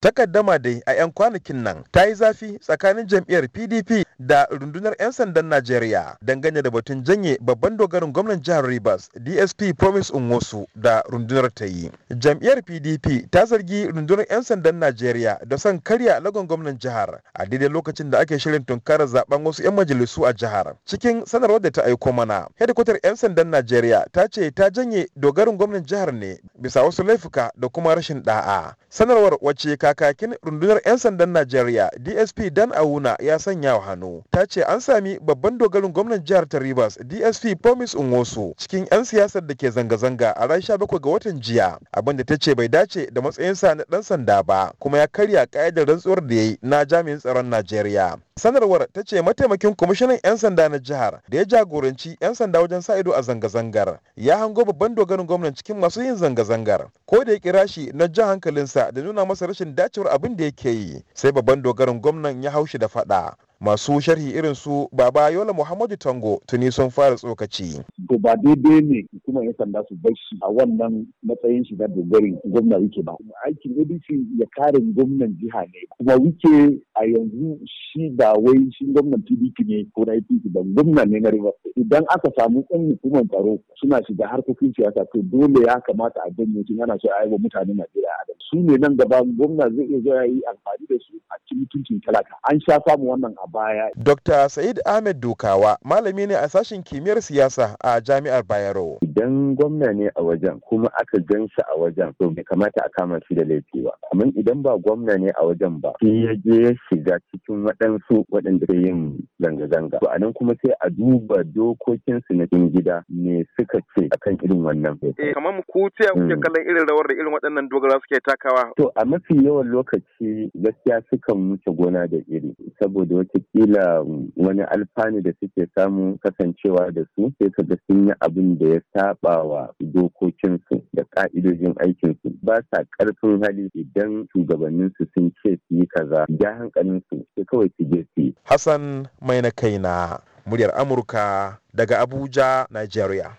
takaddama dai a 'yan kwanakin nan ta yi zafi tsakanin jam'iyyar pdp da rundunar 'yan sandan najeriya dangane da batun janye babban dogarin gwamnan jihar rivers dsp promise unwosu da rundunar ta yi jam'iyyar pdp ta zargi rundunar 'yan sandan najeriya da son karya lagon gwamnan jihar a daidai lokacin da ake shirin tunkarar zaben wasu 'yan majalisu a jihar cikin sanarwar da ta aiko mana hedikwatar 'yan sandan najeriya ta ce ta janye dogarin gwamnan jihar ne bisa wasu laifuka da kuma rashin da'a sanarwar wacce kakakin rundunar 'yan sandan najeriya dsp dan auna ya sanya wa hannu ta ce an sami babban dogarin gwamnan jihar ta rivers dsp promise unwosu cikin 'yan siyasar da ke zanga-zanga a ran bakwai ga watan jiya abinda ta ce bai dace da matsayinsa na dan sanda ba kuma ya karya ka'idar rantsuwar da ya yi na jami'in tsaron najeriya sanarwar ta ce mataimakin kwamishinan 'yan sanda na jihar da ya jagoranci 'yan sanda wajen sa ido a zanga-zangar ya hango babban dogarin gwamnan cikin masu yin zanga-zangar ko da ya kira shi na jan hankalinsa da nuna masa rashin dacewar abin da yake yi sai babban dogarin gwamnan ya haushi da fada masu sharhi irin su baba yola muhammadu tango tuni sun fara tsokaci to ba daidai ne kuma yan sanda su bar shi a wannan matsayin shiga dogarin gwamna wike ba aikin adc ya kare gwamnan jiha ne kuma wike a yanzu shi ba wai shi gwamnan pdp ne ko na ipc ba gwamna ne na river idan aka samu ɗan hukumar tsaro suna shiga harkokin siyasa to dole ya kamata a janye su yana so a yi wa mutane najeriya adam su ne nan gaba gwamna zai iya zuwa yi amfani da su a ci mutuncin talaka an sha samu wannan a baya. Dr. Said Ahmed Dukawa malami ne a sashen kimiyyar siyasa a jami'ar Bayero. idan gwamna ne a wajen kuma aka gan shi a wajen to bai kamata a kama shi da laifi ba amma idan ba gwamna ne a wajen ba shi ya je ya shiga cikin waɗansu waɗanda ke yin zanga-zanga to anan kuma sai a duba dokokin su na cikin gida me suka ce akan irin wannan eh kamar ku ce kuke mm. kallon irin rawar da irin waɗannan dogara suke takawa to a mafi yawan lokaci gaskiya sukan wuce gona da iri saboda wataƙila wani alfanu da suke samu kasancewa da su sai ka ga sun yi abin da ya sa saɓawa dokokinsu da ƙa'idojin aikinsu ba sa ƙarfin hali idan shugabanninsu sun ce su yi kaza ya hankalinsu sai kawai su je su Hassan mai na kaina muryar Amurka daga Abuja, Nigeria.